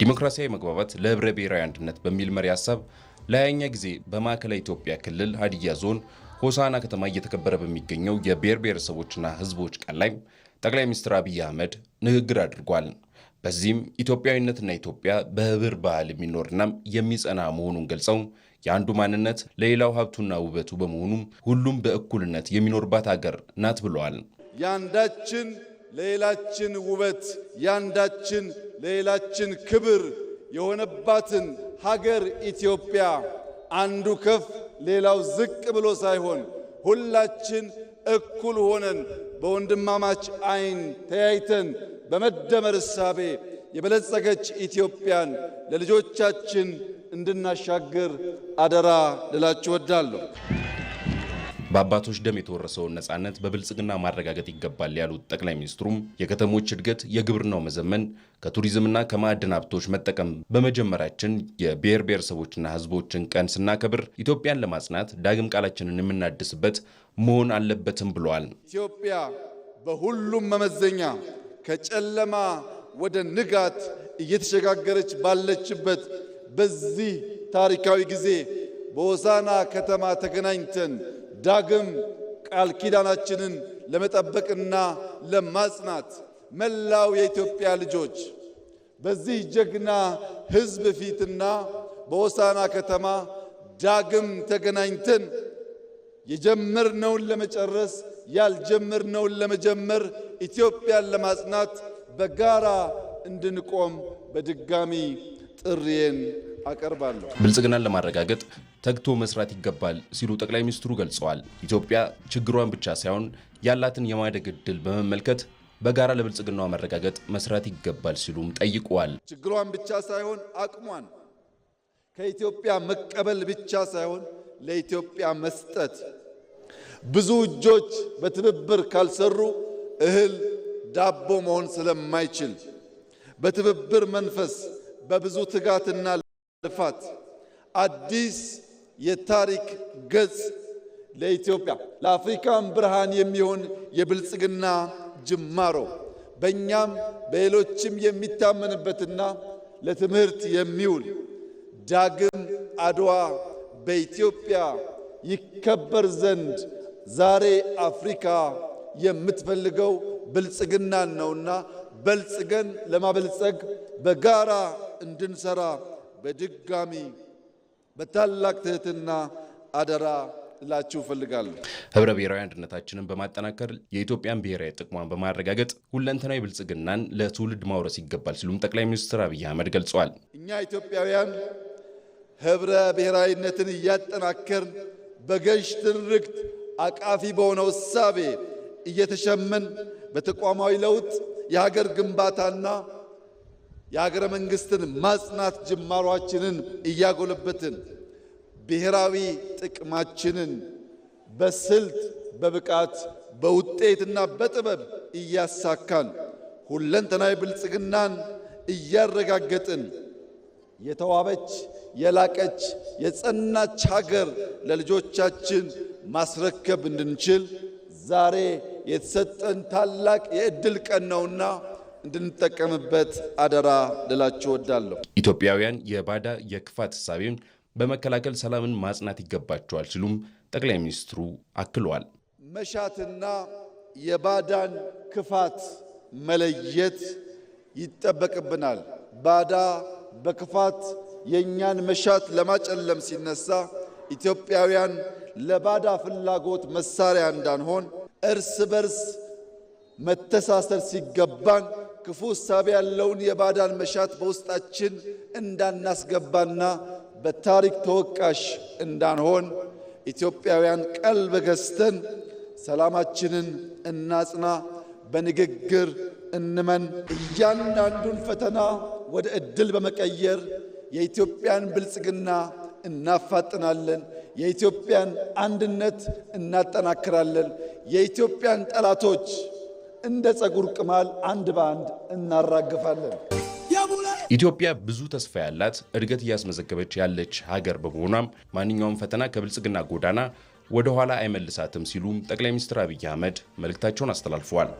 ዲሞክራሲያዊ መግባባት ለህብረ ብሔራዊ አንድነት በሚል መሪ ሀሳብ ለሀያኛ ጊዜ በማዕከላዊ ኢትዮጵያ ክልል ሀዲያ ዞን ሆሳና ከተማ እየተከበረ በሚገኘው የብሔር ብሔረሰቦችና ህዝቦች ቀን ላይ ጠቅላይ ሚኒስትር አብይ አህመድ ንግግር አድርጓል። በዚህም ኢትዮጵያዊነትና ኢትዮጵያ በህብር ባህል የሚኖርና የሚጸና መሆኑን ገልጸው የአንዱ ማንነት ለሌላው ሀብቱና ውበቱ በመሆኑም ሁሉም በእኩልነት የሚኖርባት ሀገር ናት ብለዋል። ያንዳችን ለሌላችን ውበት ያንዳችን ለሌላችን ክብር የሆነባትን ሀገር ኢትዮጵያ አንዱ ከፍ ሌላው ዝቅ ብሎ ሳይሆን ሁላችን እኩል ሆነን በወንድማማች አይን ተያይተን በመደመር እሳቤ የበለጸገች ኢትዮጵያን ለልጆቻችን እንድናሻግር አደራ ልላችሁ ወዳለሁ። በአባቶች ደም የተወረሰውን ነፃነት በብልጽግና ማረጋገጥ ይገባል ያሉት ጠቅላይ ሚኒስትሩም የከተሞች እድገት፣ የግብርናው መዘመን፣ ከቱሪዝምና ከማዕድን ሀብቶች መጠቀም በመጀመራችን የብሔር ብሔረሰቦችና ሕዝቦችን ቀን ስናከብር ኢትዮጵያን ለማጽናት ዳግም ቃላችንን የምናድስበት መሆን አለበትም ብለዋል። ኢትዮጵያ በሁሉም መመዘኛ ከጨለማ ወደ ንጋት እየተሸጋገረች ባለችበት በዚህ ታሪካዊ ጊዜ በሆሳና ከተማ ተገናኝተን ዳግም ቃል ኪዳናችንን ለመጠበቅና ለማጽናት መላው የኢትዮጵያ ልጆች በዚህ ጀግና ሕዝብ ፊትና በወሳና ከተማ ዳግም ተገናኝተን የጀመርነውን ለመጨረስ ያልጀመርነውን ለመጀመር ኢትዮጵያን ለማጽናት በጋራ እንድንቆም በድጋሚ ጥሪዬን አቀርባለሁ። ብልጽግናን ለማረጋገጥ ተግቶ መስራት ይገባል ሲሉ ጠቅላይ ሚኒስትሩ ገልጸዋል። ኢትዮጵያ ችግሯን ብቻ ሳይሆን ያላትን የማደግ ዕድል በመመልከት በጋራ ለብልጽግናዋ መረጋገጥ መስራት ይገባል ሲሉም ጠይቀዋል። ችግሯን ብቻ ሳይሆን አቅሟን ከኢትዮጵያ መቀበል ብቻ ሳይሆን ለኢትዮጵያ መስጠት። ብዙ እጆች በትብብር ካልሰሩ እህል ዳቦ መሆን ስለማይችል በትብብር መንፈስ በብዙ ትጋትና ልፋት አዲስ የታሪክ ገጽ ለኢትዮጵያ ለአፍሪካም ብርሃን የሚሆን የብልጽግና ጅማሮ በእኛም በሌሎችም የሚታመንበትና ለትምህርት የሚውል ዳግም አድዋ በኢትዮጵያ ይከበር ዘንድ ዛሬ አፍሪካ የምትፈልገው ብልጽግናን ነውና በልጽገን ለማበልጸግ በጋራ እንድንሰራ በድጋሚ በታላቅ ትህትና አደራ ላችሁ እፈልጋለሁ። ህብረ ብሔራዊ አንድነታችንን በማጠናከር የኢትዮጵያን ብሔራዊ ጥቅሟን በማረጋገጥ ሁለንተናዊ ብልጽግናን ለትውልድ ማውረስ ይገባል ሲሉም ጠቅላይ ሚኒስትር አብይ አህመድ ገልጸዋል። እኛ ኢትዮጵያውያን ህብረ ብሔራዊነትን እያጠናከርን በገዥ ትርክት አቃፊ በሆነው እሳቤ እየተሸመን በተቋማዊ ለውጥ የሀገር ግንባታና የሀገረ መንግስትን ማጽናት ጅማሯችንን እያጎለበትን ብሔራዊ ጥቅማችንን በስልት በብቃት በውጤትና በጥበብ እያሳካን ሁለንተናዊ ብልጽግናን እያረጋገጥን የተዋበች የላቀች የጸናች ሀገር ለልጆቻችን ማስረከብ እንድንችል ዛሬ የተሰጠን ታላቅ የእድል ቀን ነውና እንድንጠቀምበት አደራ ልላችሁ እወዳለሁ። ኢትዮጵያውያን የባዳ የክፋት ሳቢን በመከላከል ሰላምን ማጽናት ይገባቸዋል ሲሉም ጠቅላይ ሚኒስትሩ አክለዋል። መሻትና የባዳን ክፋት መለየት ይጠበቅብናል። ባዳ በክፋት የእኛን መሻት ለማጨለም ሲነሳ ኢትዮጵያውያን ለባዳ ፍላጎት መሳሪያ እንዳንሆን እርስ በርስ መተሳሰር ሲገባን ክፉ እሳቤ ያለውን የባዳን መሻት በውስጣችን እንዳናስገባና በታሪክ ተወቃሽ እንዳንሆን ኢትዮጵያውያን ቀልብ ገዝተን ሰላማችንን እናጽና፣ በንግግር እንመን። እያንዳንዱን ፈተና ወደ ዕድል በመቀየር የኢትዮጵያን ብልጽግና እናፋጥናለን። የኢትዮጵያን አንድነት እናጠናክራለን። የኢትዮጵያን ጠላቶች እንደ ጸጉር ቅማል አንድ በአንድ እናራግፋለን። ኢትዮጵያ ብዙ ተስፋ ያላት እድገት እያስመዘገበች ያለች ሀገር በመሆኗም ማንኛውም ፈተና ከብልጽግና ጎዳና ወደ ኋላ አይመልሳትም ሲሉም ጠቅላይ ሚኒስትር አብይ አህመድ መልእክታቸውን አስተላልፈዋል።